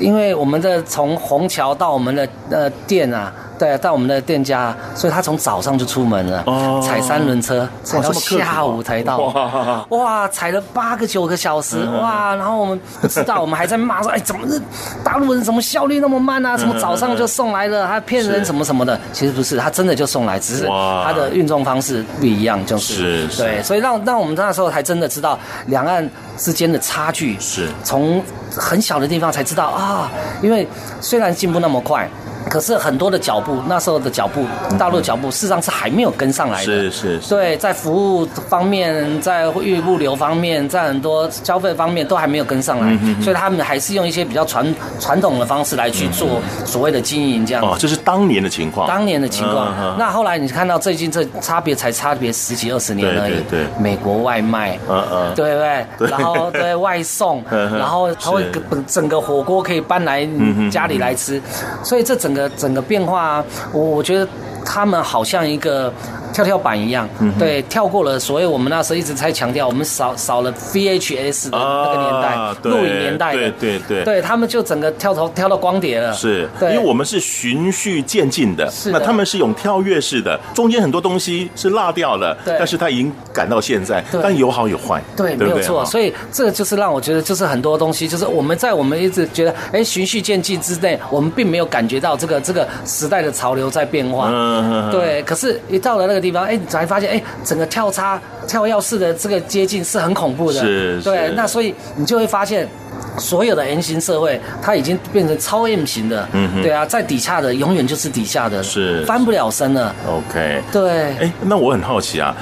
因為我們的從虹橋到我們的呃店啊。對、啊，但我們的店家，所以他從早上就出門了，踩三輪車，哦、踩到下午才到。哇，哇，踩了八個九個小時，嗯、哼哇！然後我們不知道，我們還在罵說：“哎，怎麼大陸人怎麼效率那麼慢啊？什麼早上就送來了，還騙人什麼什麼的。是”其實不是，他真的就送來，只是哇他的運送方式不一樣，就是，是，是對，所以讓讓我們那時候才真的知道兩岸之間的差距。是。從。很小的地方才知道啊，因為雖然進步那麼快，可是很多的腳步，那時候的腳步，大陸的腳步，事實上是還沒有跟上來的。是是，是。對，在服務方面，在貨運物流方面，在很多消費方面都還沒有跟上來，嗯、哼哼，所以他們還是用一些比較傳傳統的方式來去做所謂的經營，這樣、哦。就是。當年的情況，當年的情況，uh huh. 那後來你看到最近這差別，才差別十幾二十年而已。對對對，對對美國外賣，嗯嗯、uh，uh. 對不對？對，然後對外送，uh huh. 然後他會整個火鍋可以搬來家裡來吃，uh huh. 所以這整個整個變化，我我覺得他們好像一個。跳跳板一樣，對，跳過了，所以我們那時候一直才強調，我們少少了 VHS 的那個年代，錄影年代，對對對，對他們就整個跳頭跳到光碟了，是，因為我們是循序漸進的，那他們是用跳躍式的，中間很多東西是落掉了，對，但是他已經趕到現在，但有好有壞，對，沒有錯，所以這個就是讓我覺得，就是很多東西，就是我們在我們一直覺得，哎，循序漸進之內，我們並沒有感覺到這個這個時代的潮流在變化，嗯對，可是一到了那個。地方哎，你才發現哎，欸，整個跳叉、跳躍式的這個接近是很恐怖的，是是對。那所以你就會發現，所有的 M 型社會，它已經變成超 M 型的，嗯、哼對啊，在底下的永遠就是底下的，是翻不了身了。OK，對。哎，欸，那我很好奇啊。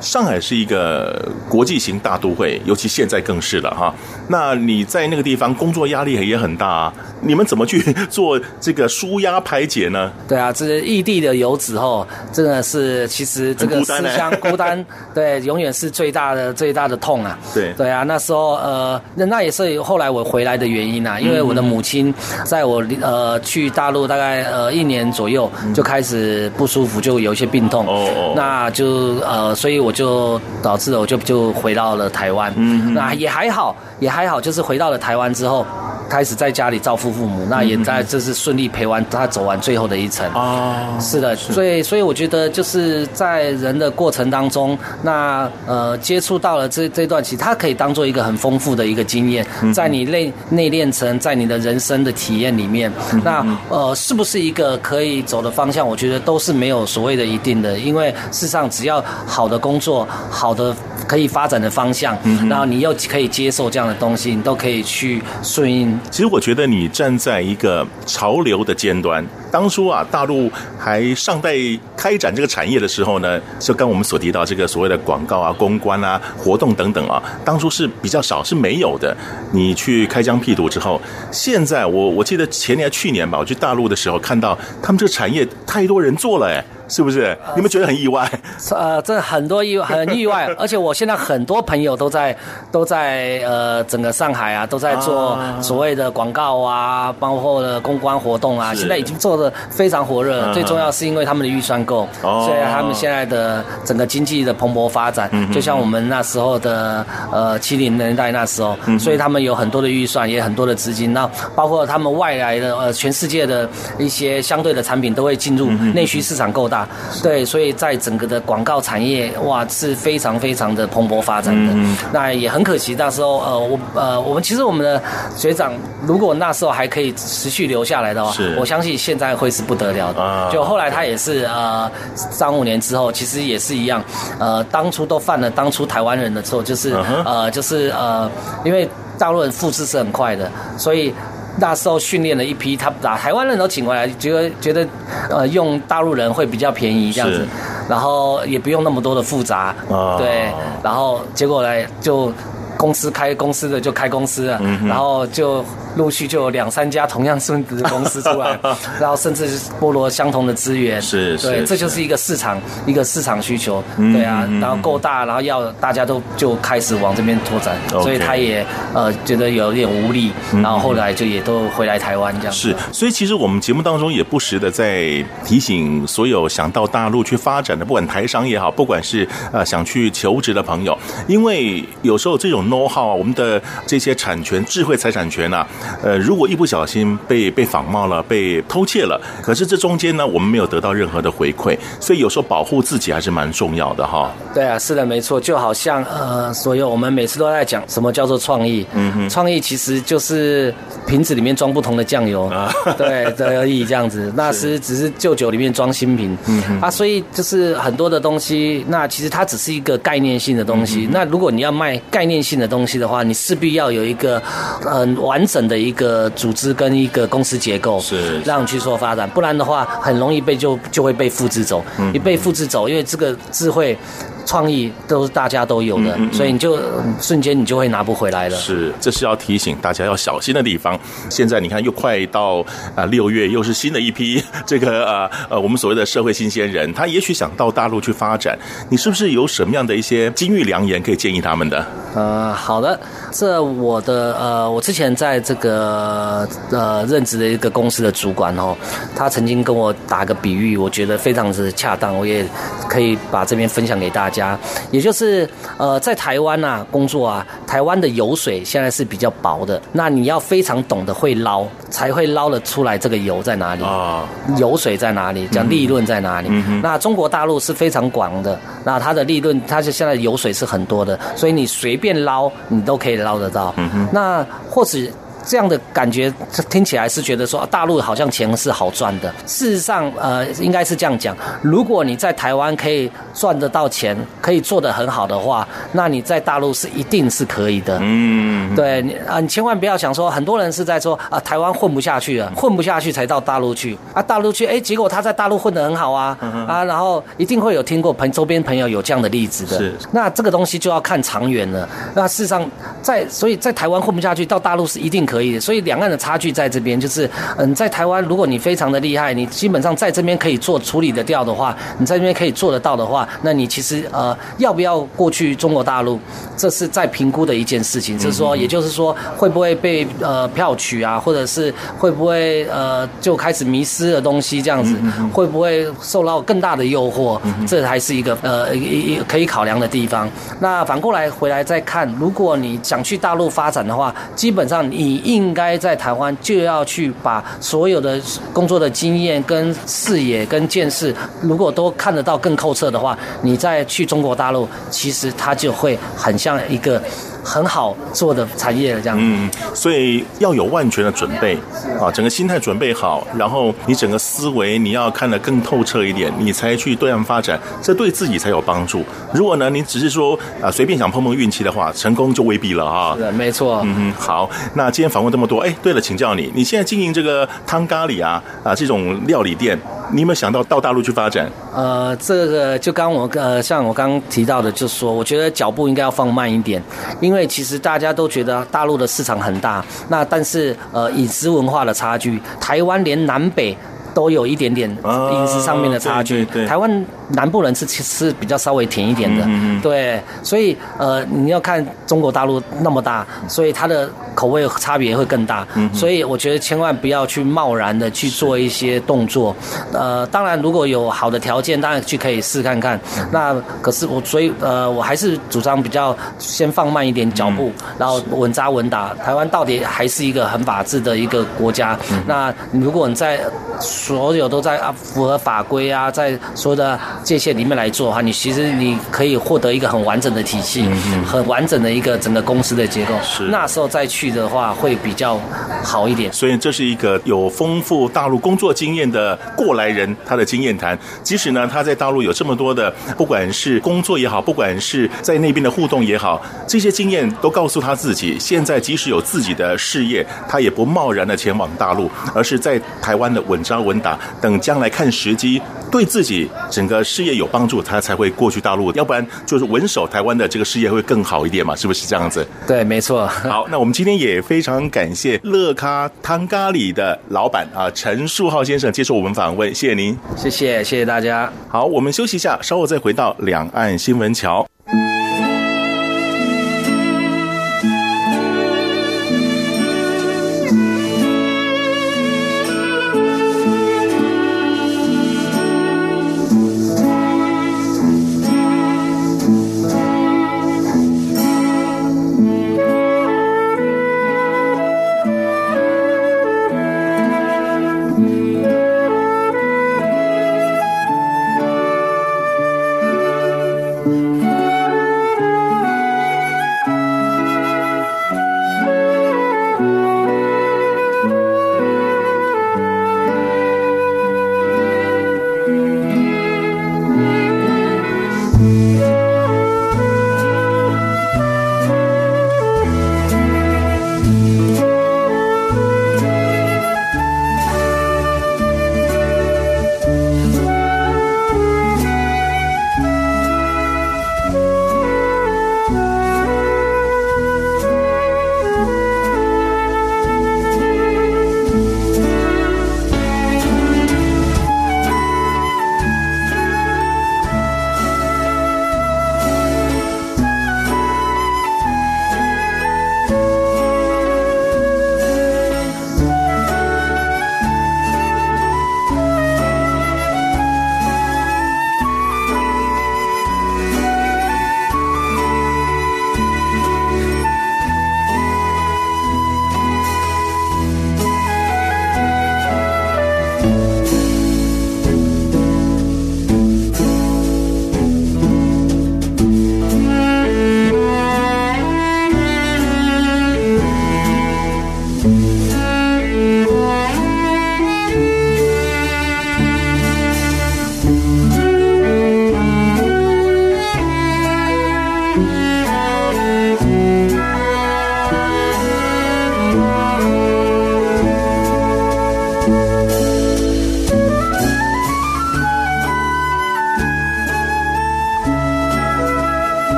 上海是一個國際型大都會，尤其現在更是了哈。那你在那個地方工作壓力也很大啊，你們怎麼去做這個舒壓排解呢？對啊，這是異地的游子哦，真的是其實這個思鄉孤單、欸、孤單，對，永遠是最大的最大的痛啊。對對啊，那時候呃，那那也是後來我回來的原因啊，因為我的母親在我呃去大陸大概呃一年左右、嗯、就開始不舒服，就有一些病痛，哦哦哦哦那就呃所以我。我就導致了，我就就回到了台灣。嗯，嗯，那也還好，也還好，就是回到了台灣之後，開始在家裡照顧父母。嗯嗯那也，在，就是順利陪完他走完最後的一程。哦，是的，是所以所以我覺得就是在人的過程當中，那呃接觸到了這這段期，其實他可以當做一個很豐富的一個經驗，在你內內練成，在你的人生的體驗裡面，那呃是不是一個可以走的方向？我覺得都是沒有所謂的一定的，因為事實上只要好的工作做好的可以發展的方向，嗯，然後你又可以接受這樣的東西，你都可以去順應。其實我覺得你站在一個潮流的尖端，當初啊，大陸還尚待開展這個產業的時候呢，就剛我們所提到這個所謂的廣告啊、公關啊、活動等等啊，當初是比較少，是沒有的。你去開疆闢土之後，現在我我記得前年去年吧，我去大陸的時候看到他們這個產業太多人做了，哎。是不是？你們覺得很意外？呃，這、呃、很多意外很意外，而且我現在很多朋友都在都在呃整個上海啊，都在做所謂的廣告啊，啊包括的公關活動啊，是現在已經做的非常火熱。啊、最重要是因為他們的預算夠，哦、所以他們現在的整個經濟的蓬勃發展，哦、就像我們那時候的呃七零年代那時候，嗯嗯、所以他們有很多的預算，也很多的資金。那包括他們外來的呃全世界的一些相對的產品都會進入、嗯嗯嗯、內需市場夠大。是對，所以在整個的廣告產業，哇，是非常非常的蓬勃發展的。嗯嗯、那也很可惜，那時候呃，我呃，我們其實我們的學長，如果那時候還可以持續留下來的話，是我相信現在會是不得了的。啊、就後來他也是對呃，三五年之後，其實也是一樣，呃，當初都犯了當初台灣人的錯，就是、啊、哼呃，就是呃，因為大陸人複製是很快的，所以。那時候訓練了一批，他把台灣人都請過來，覺得覺得，呃，用大陸人會比較便宜這樣子，是然後也不用那麼多的複雜，哦、對，然後結果來就公司開公司的就開公司了，嗯、哼然後就。陸續就有兩三家同樣性質的公司出來， [laughs] 然後甚至剝奪相同的資源 [laughs] 是，是，對，這就是一個市場，一個市場需求，嗯、對啊，然後夠大，然後要大家都就開始往這邊拓展，嗯、所以他也呃覺得有點無力，嗯、然後後來就也都回來台灣這樣。是，所以其實我們節目當中也不時的在提醒所有想到大陸去發展的，不管台商也好，不管是呃想去求職的朋友，因為有時候這種 know how，我們的這些產權、智慧財產權啊。呃，如果一不小心被被仿冒了，被偷竊了，可是這中間呢，我們沒有得到任何的回饋，所以有時候保護自己還是蠻重要的哈。對啊，是的，沒錯，就好像呃，所有我們每次都在講什麼叫做創意，嗯哼，創意其實就是瓶子裡面裝不同的醬油，啊，對，而已 [laughs] 這樣子。那是只是舊酒裡面裝新瓶，嗯、哼啊，所以就是很多的東西，那其實它只是一個概念性的東西。嗯、哼那如果你要賣概念性的東西的話，你勢必要有一個很、呃、完整的。一個組織跟一個公司結構，是，是，是讓你去做發展，不然的話很容易被就就會被複製走。你、嗯、哼被複製走，因為這個智慧。創意都是大家都有的，嗯嗯嗯，所以你就、呃、瞬間你就會拿不回來了。是，這是要提醒大家要小心的地方。現在你看又快到啊呃、六月，又是新的一批這個呃呃我們所謂的社會新鮮人，他也許想到大陸去發展，你是不是有什麼樣的一些金玉良言可以建議他們的？呃，好的，這我的呃我之前在這個呃任職的一個公司的主管哦，他曾經跟我打個比喻，我覺得非常之恰當，我也可以把這邊分享給大家。家，也就是呃，在台灣啊，工作啊，台灣的油水現在是比較薄的，那你要非常懂得會撈，才會撈得出來這個油在哪裡啊，哦、油水在哪裡，講利潤在哪裡。嗯、哼那中國大陸是非常廣的，那它的利潤，它就現在油水是很多的，所以你隨便撈，你都可以撈得到。嗯、哼那或許。這樣的感覺聽起來是覺得說大陸好像錢是好賺的。事實上，呃，應該是這樣講：如果你在台灣可以賺得到錢，可以做得很好的話，那你在大陸是一定是可以的。嗯，對你，啊，你千萬不要想說，很多人是在說啊，台灣混不下去了，混不下去才到大陸去啊，大陸去，哎，結果他在大陸混得很好啊，嗯哼，啊，然後一定會有聽過朋周邊朋友有這樣的例子的。是，那這個東西就要看長遠了。那事實上，在所以在台灣混不下去，到大陸是一定可以。所以兩岸的差距在這邊，就是嗯，在台灣，如果你非常的厲害，你基本上在這邊可以做處理得掉的話，你在這邊可以做得到的話，那你其實呃要不要過去中國大陸？這是在評估的一件事情，就是說，也就是說，會不會被呃票取啊，或者是會不會呃就開始迷失的東西這樣子，會不會受到更大的誘惑？這還是一個呃一可以考量的地方。那反過來回來再看，如果你想去大陸發展的話，基本上你。應該在台灣就要去把所有的工作的經驗、跟視野、跟見識，如果都看得到更透徹的話，你再去中國大陸，其實它就會很像一個。很好做的產業了，這樣。嗯，所以要有萬全的準備啊，整個心態準備好，然後你整個思維你要看得更透徹一點，你才去對岸發展，這對自己才有幫助。如果呢，你只是說啊隨便想碰碰運氣的話，成功就未必了啊。對，沒錯。嗯嗯，好，那今天訪問這麼多，哎、欸，對了，請教你，你現在經營這個湯咖喱啊啊這種料理店，你有沒有想到到大陸去發展？呃，這個就剛我呃像我剛剛提到的就是，就說我覺得腳步應該要放慢一點，因為。因為其實大家都覺得大陸的市場很大，那但是，呃，飲食文化的差距，台灣連南北。都有一點點飲食上面的差距。哦、對，對，對，台灣南部人是其實比較稍微甜一點的。嗯，嗯對，所以呃，你要看中國大陸那麼大，所以它的口味差別會更大。嗯哼。所以我覺得千萬不要去貿然的去做一些動作。是呃，當然如果有好的條件，當然去可以試看看。嗯、哼那可是我所以呃，我還是主張比較先放慢一點腳步，嗯、然後穩扎穩打。台灣到底還是一個很法治的一個國家。嗯哼。那如果你在。所有都在啊，符合法規啊，在所有的界限裡面來做哈，你其實你可以獲得一個很完整的體系，很完整的一個整個公司的結構。是、嗯嗯、那時候再去的話，會比較好一點。所以這是一個有豐富大陸工作經驗的過來人，他的經驗談。即使呢他在大陸有這麼多的，不管是工作也好，不管是在那邊的互動也好，這些經驗都告訴他自己，現在即使有自己的事業，他也不貿然的前往大陸，而是在台灣的穩定。穩紮穩打，等將來看時機，對自己整個事業有幫助，他才會過去大陸；要不然就是穩守台灣的這個事業會更好一點嘛，是不是這樣子？對，沒錯。好，那我們今天也非常感謝樂咖湯咖喱的老闆啊，陳述灝先生接受我們訪問，謝謝您，謝謝，謝謝大家。好，我們休息一下，稍後再回到兩岸新聞橋。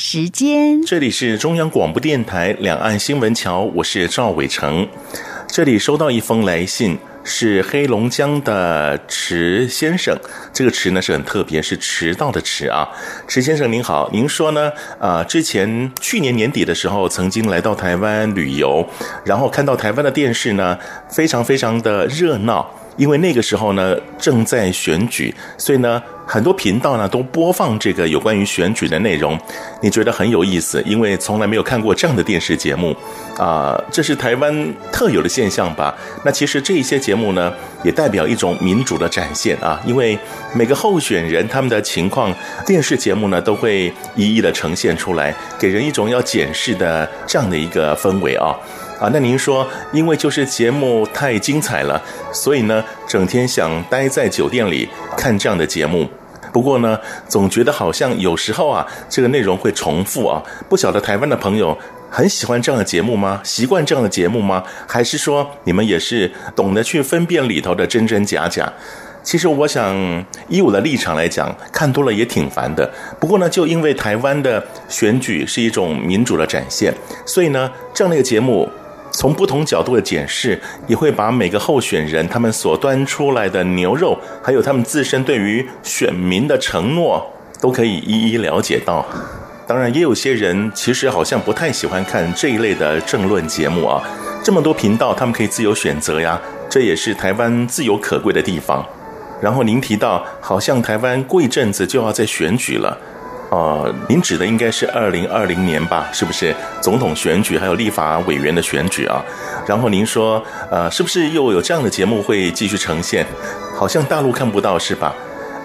時間，這裡是中央廣播電台兩岸新聞橋，我是趙偉成。這裡收到一封來信，是黑龍江的遲先生。這個遲呢是很特別，是遲到的遲啊。遲先生您好，您說呢？呃，之前去年年底的時候，曾經來到台灣旅遊，然後看到台灣的電視呢，非常非常的熱鬧。因為那個時候呢正在選舉，所以呢很多頻道呢都播放這個有關於選舉的內容，你覺得很有意思，因為從來沒有看過這樣的電視節目，啊、呃，這是台灣特有的現象吧？那其實這一些節目呢也代表一種民主的展現啊，因為每個候選人他們的情況，電視節目呢都會一一的呈現出來，給人一種要檢視的這樣的一個氛圍啊。啊，那您說，因為就是節目太精彩了，所以呢，整天想待在酒店裡看這樣的節目。不過呢，總覺得好像有時候啊，這個內容會重複啊。不曉得台灣的朋友很喜歡這樣的節目嗎？習慣這樣的節目嗎？還是說你們也是懂得去分辨裡頭的真真假假？其實我想，以我的立場來講，看多了也挺煩的。不過呢，就因為台灣的選舉是一種民主的展現，所以呢，這樣的一個節目。從不同角度的檢視，也會把每個候選人他們所端出來的牛肉，還有他們自身對於選民的承諾，都可以一一了解到。當然，也有些人其實好像不太喜歡看這一類的政論節目啊。這麼多頻道，他們可以自由選擇呀，這也是台灣自由可貴的地方。然後您提到，好像台灣過一陣子就要再選舉了。呃、哦，您指的應該是二零二零年吧，是不是總統選舉還有立法委員的選舉啊？然後您說，呃，是不是又有這樣的節目會繼續呈現？好像大陸看不到是吧？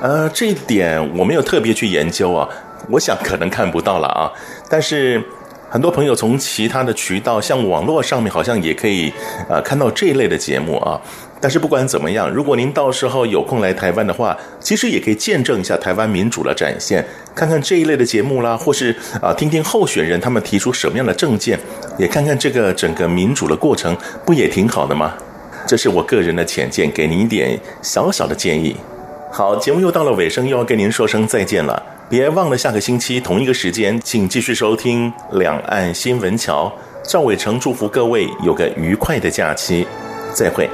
呃，這一點我沒有特別去研究啊，我想可能看不到了啊。但是很多朋友從其他的渠道，像網絡上面，好像也可以呃看到這一類的節目啊。但是不管怎麼樣，如果您到時候有空來台灣的話，其實也可以見證一下台灣民主的展現，看看這一類的節目啦，或是啊聽聽候選人他們提出什麼樣的政見，也看看這個整個民主的過程，不也挺好的嗎？這是我個人的淺見，給您一點小小的建議。好，節目又到了尾聲，又要跟您說聲再見了。別忘了下個星期同一個時間，請繼續收聽兩岸新聞橋。趙偉成祝福各位有個愉快的假期，再會。